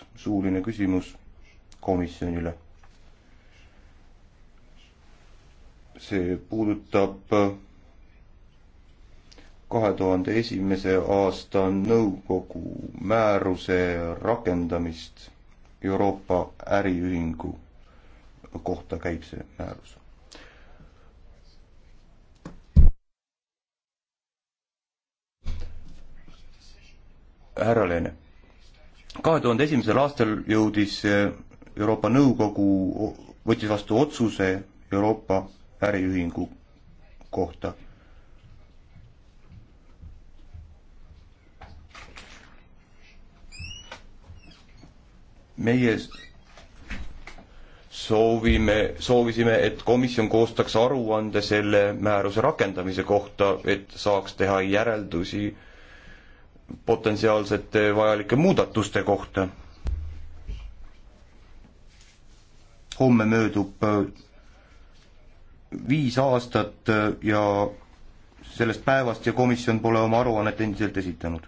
Next, suuline küsimus komisjonile. see puudutab kahe tuhande esimese aasta nõukogu määruse rakendamist Euroopa äriühingu kohta käib see määrus. härra Leene kahe tuhande esimesel aastal jõudis eh, Euroopa Nõukogu, võttis vastu otsuse Euroopa äriühingu kohta. meie soovime, soovisime, et komisjon koostaks aruande selle määruse rakendamise kohta, et saaks teha järeldusi äh, potentsiaalsete vajalike muudatuste kohta. homme möödub äh, viis aastat äh, ja sellest päevast ja komisjon pole oma aruannet endiselt esitanud.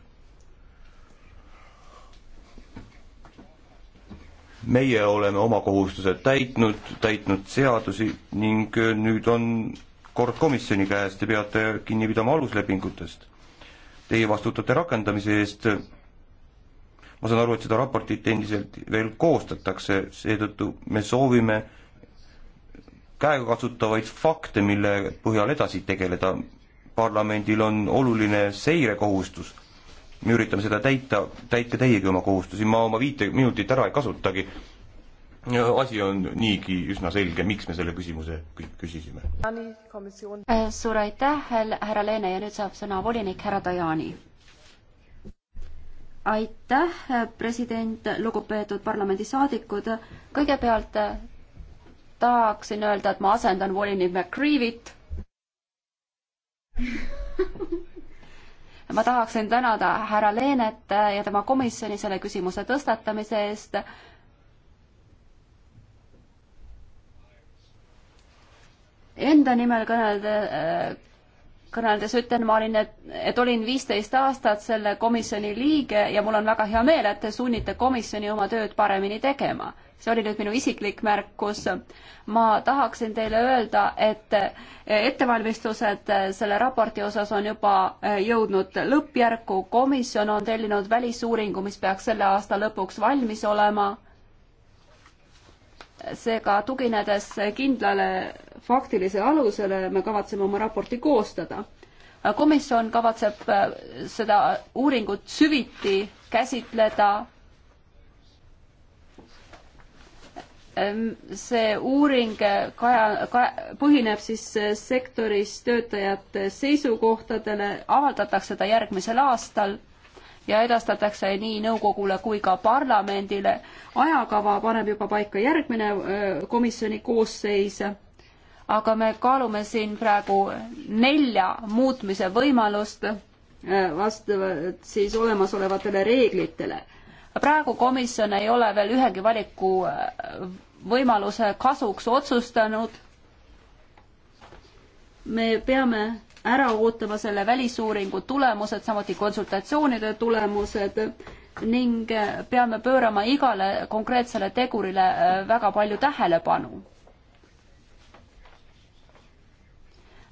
meie oleme oma kohustused täitnud, täitnud seadusi ning äh, nüüd on kord komisjoni käes, te peate kinni pidama aluslepingutest teie vastutate rakendamise eest. ma saan aru, et seda raportit endiselt veel koostatakse, seetõttu me soovime käegakatsutavaid fakte, mille põhjal edasi tegeleda. parlamendil on oluline seirekohustus. me üritame seda täita, täitke teiegi oma kohustusi, ma oma viite minutit ära ei kasutagi Äh, asi on niigi üsna selge, miks me selle küsimuse küsisime. Äh, suur aitäh, härra Leene ja nüüd saab sõna volinik härra Tajani. aitäh, president, lugupeetud parlamendisaadikud. kõigepealt äh, tahaksin öelda, et ma asendan volinik McCreevit ma tahaksin tänada härra Leenet ja tema komisjoni selle küsimuse tõstatamise eest enda nimel kõnelda, äh, kõneldes ütlen, ma olin, et olin viisteist aastat selle komisjoni liige ja mul on väga hea meel, et te sunnite komisjoni oma tööd paremini tegema. see oli nüüd minu isiklik märkus. ma tahaksin teile öelda, et äh, ettevalmistused äh, selle raporti osas on juba jõudnud lõppjärku. komisjon on tellinud välisuuringu, mis peaks selle aasta lõpuks valmis olema. seega tuginedes kindlale faktilise alusele me kavatseme oma raporti koostada. komisjon kavatseb äh, seda uuringut süviti käsitleda. Ähm, see uuring äh, kaja, kaja, põhineb siis äh, sektoris töötajate seisukohtadele, avaldatakse ta järgmisel aastal ja edastatakse nii nõukogule kui ka parlamendile. ajakava paneb juba paika järgmine komisjoni koosseis aga me kaalume siin praegu nelja muutmise võimalust äh, vastavalt siis olemasolevatele reeglitele. praegu komisjon ei ole veel ühegi valiku äh, võimaluse kasuks otsustanud. me peame ära ootama selle välisuuringu tulemused, samuti konsultatsioonide tulemused ning äh, peame pöörama igale konkreetsele tegurile väga palju tähelepanu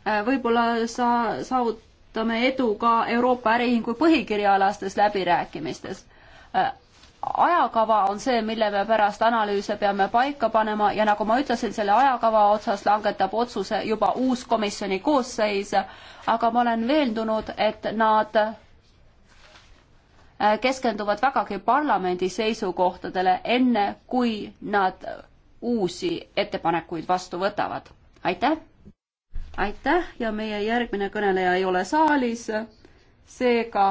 Äh, võib-olla sa-, saavutame edu ka Euroopa äriühingu põhikirjaalastes läbirääkimistes. Äh, ajakava on see, mille me pärast analüüse peame paika panema ja nagu ma ütlesin, selle ajakava otsas langetab otsuse juba uus komisjoni koosseis, aga ma olen veendunud, et nad äh, keskenduvad vägagi parlamendi seisukohtadele, enne kui nad uusi ettepanekuid vastu võtavad. aitäh! aitäh ja meie järgmine kõneleja ei ole saalis, seega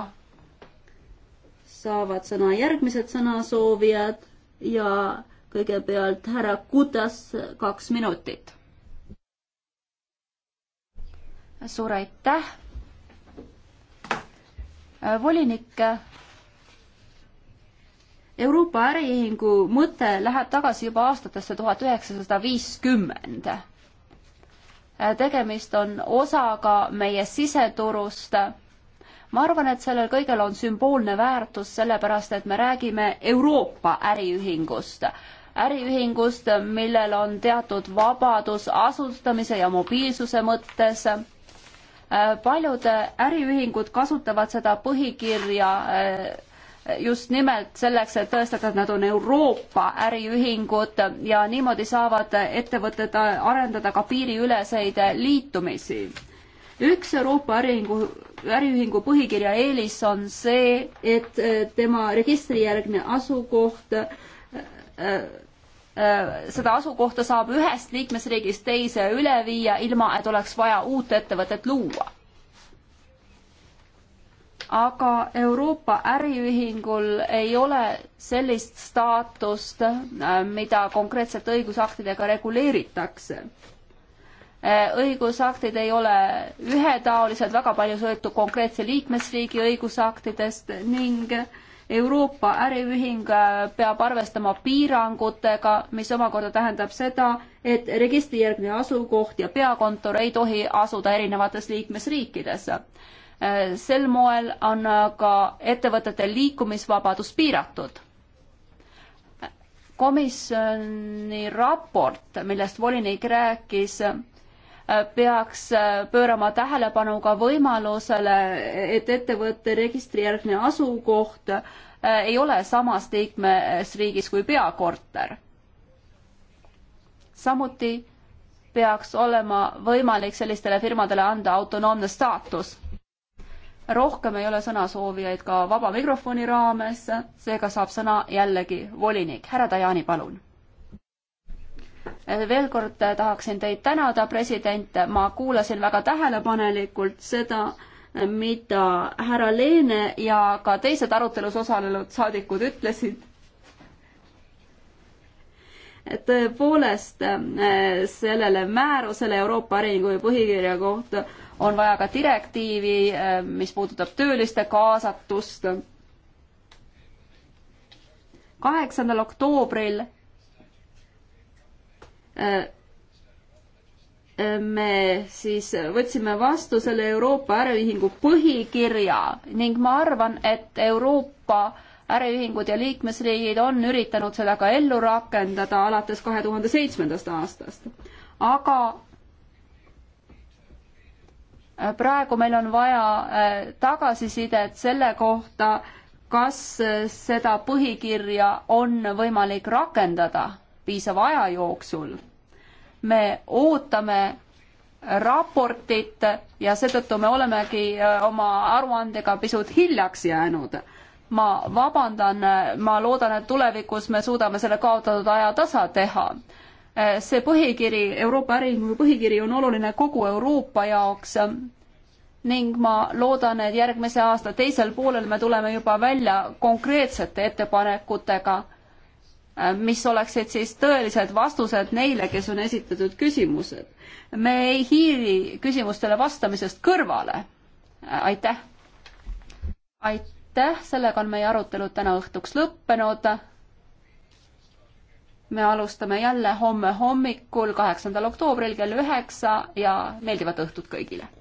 saavad sõna järgmised sõnasoovijad ja kõigepealt härra Kutas, kaks minutit. suur aitäh. volinik. Euroopa äriühingu mõte läheb tagasi juba aastatesse tuhat üheksasada viiskümmend Äh, tegemist on osaga meie siseturust. ma arvan, et sellel kõigel on sümboolne väärtus, sellepärast et me räägime Euroopa äriühingust, äriühingust, millel on teatud vabadus asustamise ja mobiilsuse mõttes. Äh, paljud äriühingud kasutavad seda põhikirja äh, just nimelt selleks, et tõestada, et nad on Euroopa äriühingud ja niimoodi saavad ettevõtted arendada ka piiriüleseid liitumisi. üks Euroopa äriühingu, äriühingu põhikirja eelis on see, et tema registrijärgne asukoht seda asukohta saab ühest liikmesriigist teise üle viia, ilma et oleks vaja uut ettevõtet luua aga Euroopa äriühingul ei ole sellist staatust, äh, mida konkreetselt õigusaktidega reguleeritakse. Äh, õigusaktid ei ole ühetaolised, väga palju sõltub konkreetse liikmesriigi õigusaktidest ning Euroopa äriühing äh, peab arvestama piirangutega, mis omakorda tähendab seda, et registrijärgne asukoht ja peakontor ei tohi asuda erinevates liikmesriikides Äh, sel moel on äh, ka ettevõtete liikumisvabadus piiratud. komisjoni raport, millest volinik rääkis, äh, peaks pöörama tähelepanu ka võimalusele, et ettevõtte registrijärgne asukoht ei ole samas liikmesriigis kui peakorter. samuti peaks olema võimalik sellistele firmadele anda autonoomne staatus rohkem ei ole sõnasoovijaid ka vaba mikrofoni raames, seega saab sõna jällegi volinik. härra Tajani, palun. veel kord tahaksin teid tänada, president, ma kuulasin väga tähelepanelikult seda, mida härra Leene ja ka teised arutelus osalenud saadikud ütlesid. tõepoolest sellele määrusele Euroopa Arengu ja põhikirja kohta on vaja ka direktiivi, eh, mis puudutab tööliste kaasatust. kaheksandal oktoobril eh, me siis võtsime vastu selle Euroopa äriühingu põhikirja ning ma arvan, et Euroopa äriühingud ja liikmesriigid on üritanud seda ka ellu rakendada alates kahe tuhande seitsmendast aastast. aga praegu meil on vaja äh, tagasisidet selle kohta, kas äh, seda põhikirja on võimalik rakendada piisava aja jooksul. me ootame raportit ja seetõttu me olemegi äh, oma aruandega pisut hiljaks jäänud. ma vabandan, ma loodan, et tulevikus me suudame selle kaotatud aja tasa teha Eh, see põhikiri, Euroopa äriühingu põhikiri on oluline kogu Euroopa jaoks ning ma loodan, et järgmise aasta teisel poolel me tuleme juba välja konkreetsete ettepanekutega, eh, mis oleksid siis tõelised vastused neile, kes on esitatud küsimused. me ei hiili küsimustele vastamisest kõrvale. Eh, aitäh! aitäh, sellega on meie arutelud täna õhtuks lõppenud me alustame jälle homme hommikul, kaheksandal oktoobril kell üheksa ja meeldivat õhtut kõigile!